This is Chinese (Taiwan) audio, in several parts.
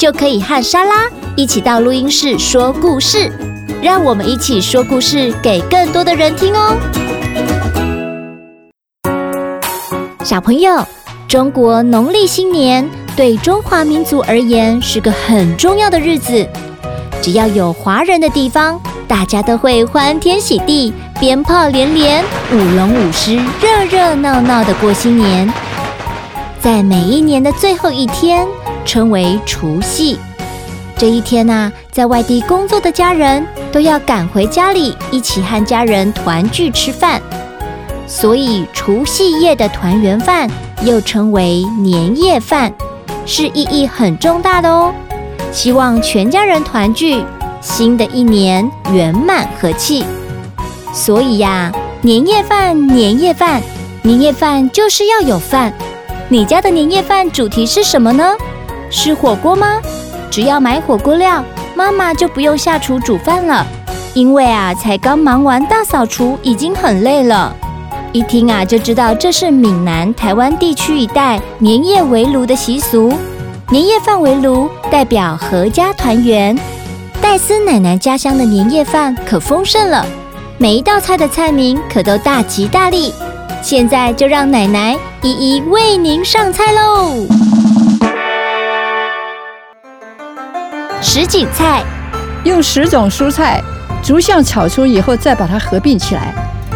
就可以和莎拉一起到錄音室說故事，讓我們一起說故事給更多的人聽哦。小朋友，中國農曆新年對中華民族而言是個很重要的日子，只要有華人的地方，大家都會歡天喜地，鞭炮連連，舞龍舞獅，熱熱鬧鬧的過新年。在每一年的最後一天。稱為除夕，這一天呢、啊，在外地工作的家人都要趕回家裡，一起和家人團聚吃飯。所以除夕夜的團圓飯又稱為年夜飯，是意義很重大的哦。希望全家人團聚，新的一年圓滿和氣。所以呀、啊，年夜飯，年夜飯，年夜飯就是要有飯。你家的年夜飯主題是什麼呢？是火鍋嗎？只要買火鍋料，媽媽就不用下廚煮飯了。因為啊，才剛忙完大掃除，已經很累了。一聽啊，就知道這是閩南、台灣地區一帶年夜圍爐的習俗。年夜飯圍爐，代表闔家團圓。黛絲奶奶家鄉的年夜飯可豐盛了，每一道菜的菜名可都大吉大利。現在就讓奶奶一一為您上菜嘍。什錦菜，用十種蔬菜逐項炒出以後，再把它合併起來。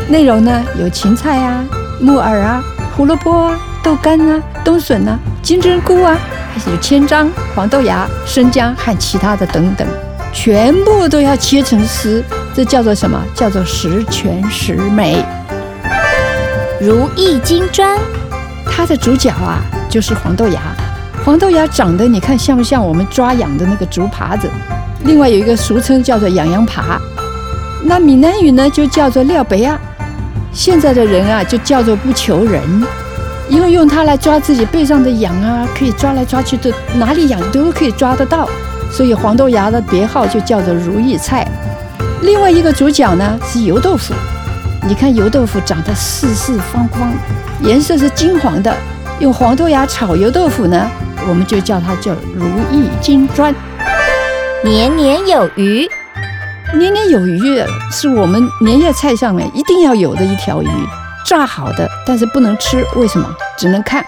內容呢，有芹菜啊、木耳啊、胡蘿蔔啊、豆乾啊、冬筍啊、金針菇啊，還有千張、黃豆芽、生薑和其他的等等，全部都要切成絲。這叫做什麼？叫做十全十美。如意金磚，它的主角啊就是黃豆芽。黃豆芽長得你看像不像我們抓癢的那個竹耙子？另外有一個俗稱叫做“癢癢耙”，那閩南語呢就叫做“廖白啊”。現在的人啊就叫做“不求人”，因為用它來抓自己背上的癢啊，可以抓來抓去，都哪裡癢都可以抓得到。所以黃豆芽的別號就叫做“如意菜”。另外一個主角呢是油豆腐，你看油豆腐長得四四方方，顏色是金黃的，用黃豆芽炒油豆腐呢。我們就叫它叫如意金磚，年年有餘。年年有餘是我們年夜菜上面一定要有的一條魚，炸好的，但是不能吃，為什麼？只能看，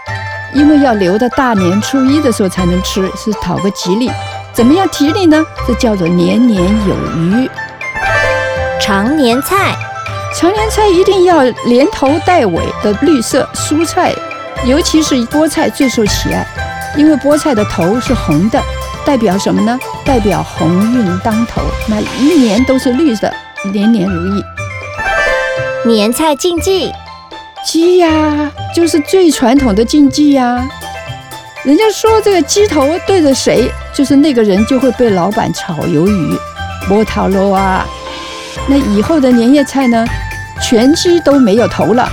因為要留到大年初一的時候才能吃，是討個吉利。怎麼樣吉利呢？這叫做年年有餘。常年菜，常年菜一定要連頭帶尾的綠色蔬菜，尤其是菠菜最受喜愛。因為菠菜的頭是紅的，代表什麼呢？代表鴻運當頭。那一年都是綠色，年年如意。年菜禁忌，雞呀，就是最傳統的禁忌呀。人家說這個雞頭對着誰，就是那個人就會被老闆炒魷魚、沒頭路啊。那以後的年夜菜呢，全雞都沒有頭了，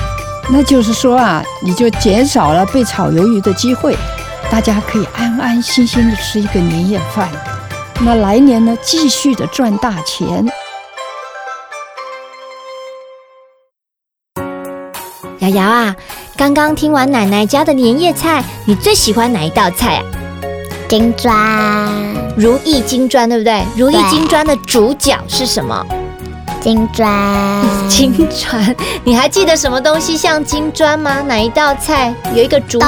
那就是說啊，你就減少了被炒魷魚的機會。大家可以安安心心的吃一個年夜飯，那來年呢，繼續的賺大錢。瑤瑤啊，剛剛聽完奶奶家的年夜菜，你最喜歡哪一道菜啊？金磚，如意金磚，對不對？如意金磚的主角是什麼？金磚，金磚，你還記得什麼東西像金磚嗎？哪一道菜有一個煮豆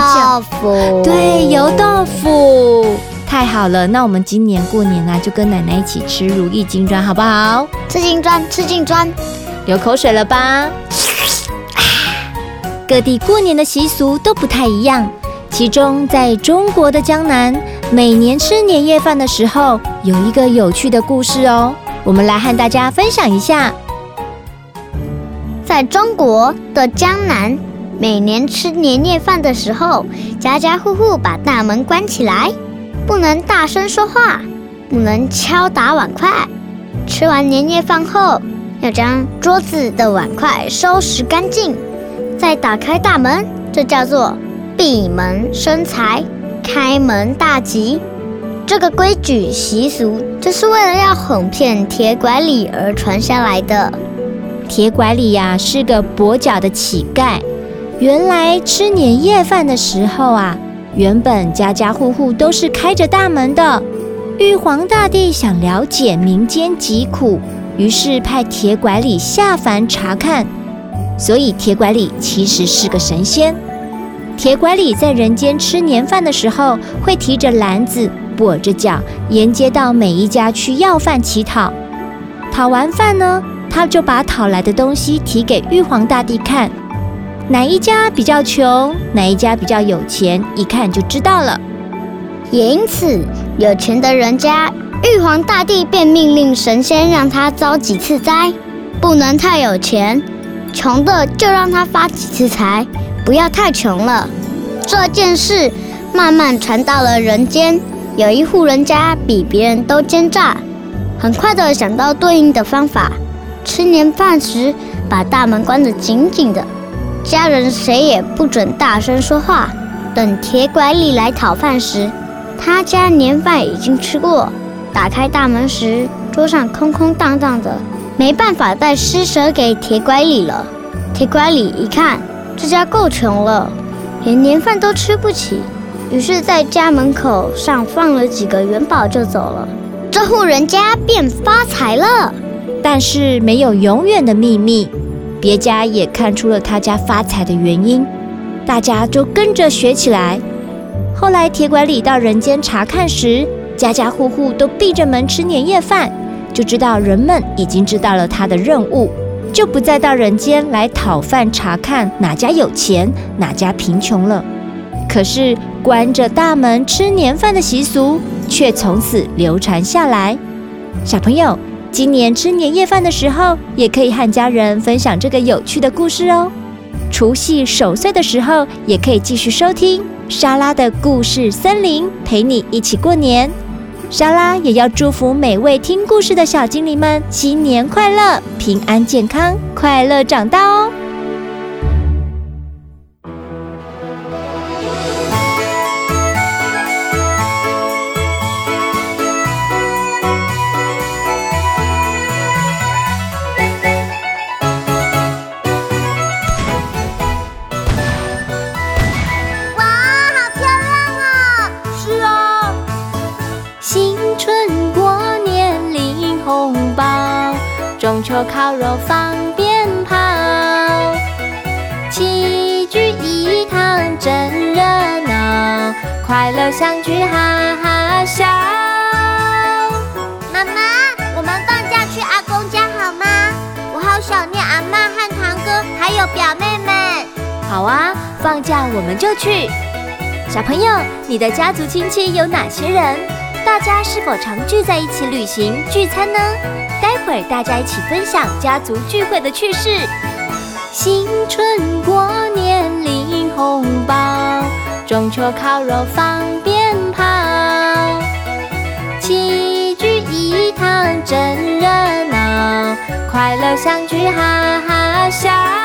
腐，對，有豆腐。太好了，那我們今年過年啊，就跟奶奶一起吃如意金磚，好不好？吃金磚，吃金磚，流口水了吧？啊，各地過年的習俗都不太一樣，其中在中國的江南，每年吃年夜飯的時候，有一個有趣的故事哦。我們來和大家分享一下，在中國的江南，每年吃年夜飯的時候，家家戶戶把大門關起來，不能大聲說話，不能敲打碗筷。吃完年夜飯後，要將桌子的碗筷收拾乾淨，再打開大門，這叫做閉門生財，開門大吉。這個規矩習俗就是為了要哄騙鐵拐李而傳下來的。鐵拐李呀、啊、是個跛腳的乞丐。原來吃年夜飯的時候啊，原本家家戶戶都是開着大門的。玉皇大帝想了解民間疾苦，於是派鐵拐李下凡查看。所以鐵拐李其實是個神仙。鐵拐李在人間吃年飯的時候，會提着籃子。跛着腳沿街到每一家去要飯乞討討完飯呢，他就把討來的東西提給玉皇大帝看，哪一家比較窮，哪一家比較有錢，一看就知道了。也因此，有錢的人家，玉皇大帝便命令神仙讓他遭幾次災，不能太有錢；窮的就讓他發幾次財，不要太窮了。這件事慢慢傳到了人間。有一戶人家比別人都奸詐，很快的想到對應的方法。吃年飯時，把大門關得緊緊的，家人誰也不准大聲說話。等鐵拐李來討飯時，他家年飯已經吃過。打開大門時，桌上空空蕩蕩的，沒辦法再施捨給鐵拐李了。鐵拐李一看，這家夠窮了，連年飯都吃不起。於是，在家門口上放了幾個元寶就走了，這戶人家便發財了。但是，沒有永遠的秘密，別家也看出了他家發財的原因，大家就跟着學起來。後來，鐵拐李到人間查看時，家家戶戶都閉着門吃年夜飯，就知道人們已經知道了他的任務，就不再到人間來討飯查看哪家有錢、哪家貧窮了。可是，關着大門吃年飯的習俗卻從此流傳下來。小朋友，今年吃年夜飯的時候，也可以和家人分享這個有趣的故事哦。除夕守歲的時候，也可以繼續收聽莎拉的故事森林，陪你一起過年。莎拉也要祝福每位聽故事的小精靈們，新年快樂，平安健康，快樂長大哦。燒肉放鞭炮，齊聚一堂真熱鬧，快樂相聚哈哈笑。媽媽，我們放假去阿公家好嗎？我好想念阿嬤和堂哥，還有表妹們。好啊，放假我們就去。小朋友，你的家族親戚有哪些人？大家是否常聚在一起旅行、聚餐呢？待會兒大家一起分享家族聚會的趣事。新春過年領紅包，中秋烤肉放鞭炮，齊聚一堂真熱鬧，快樂相聚哈哈笑。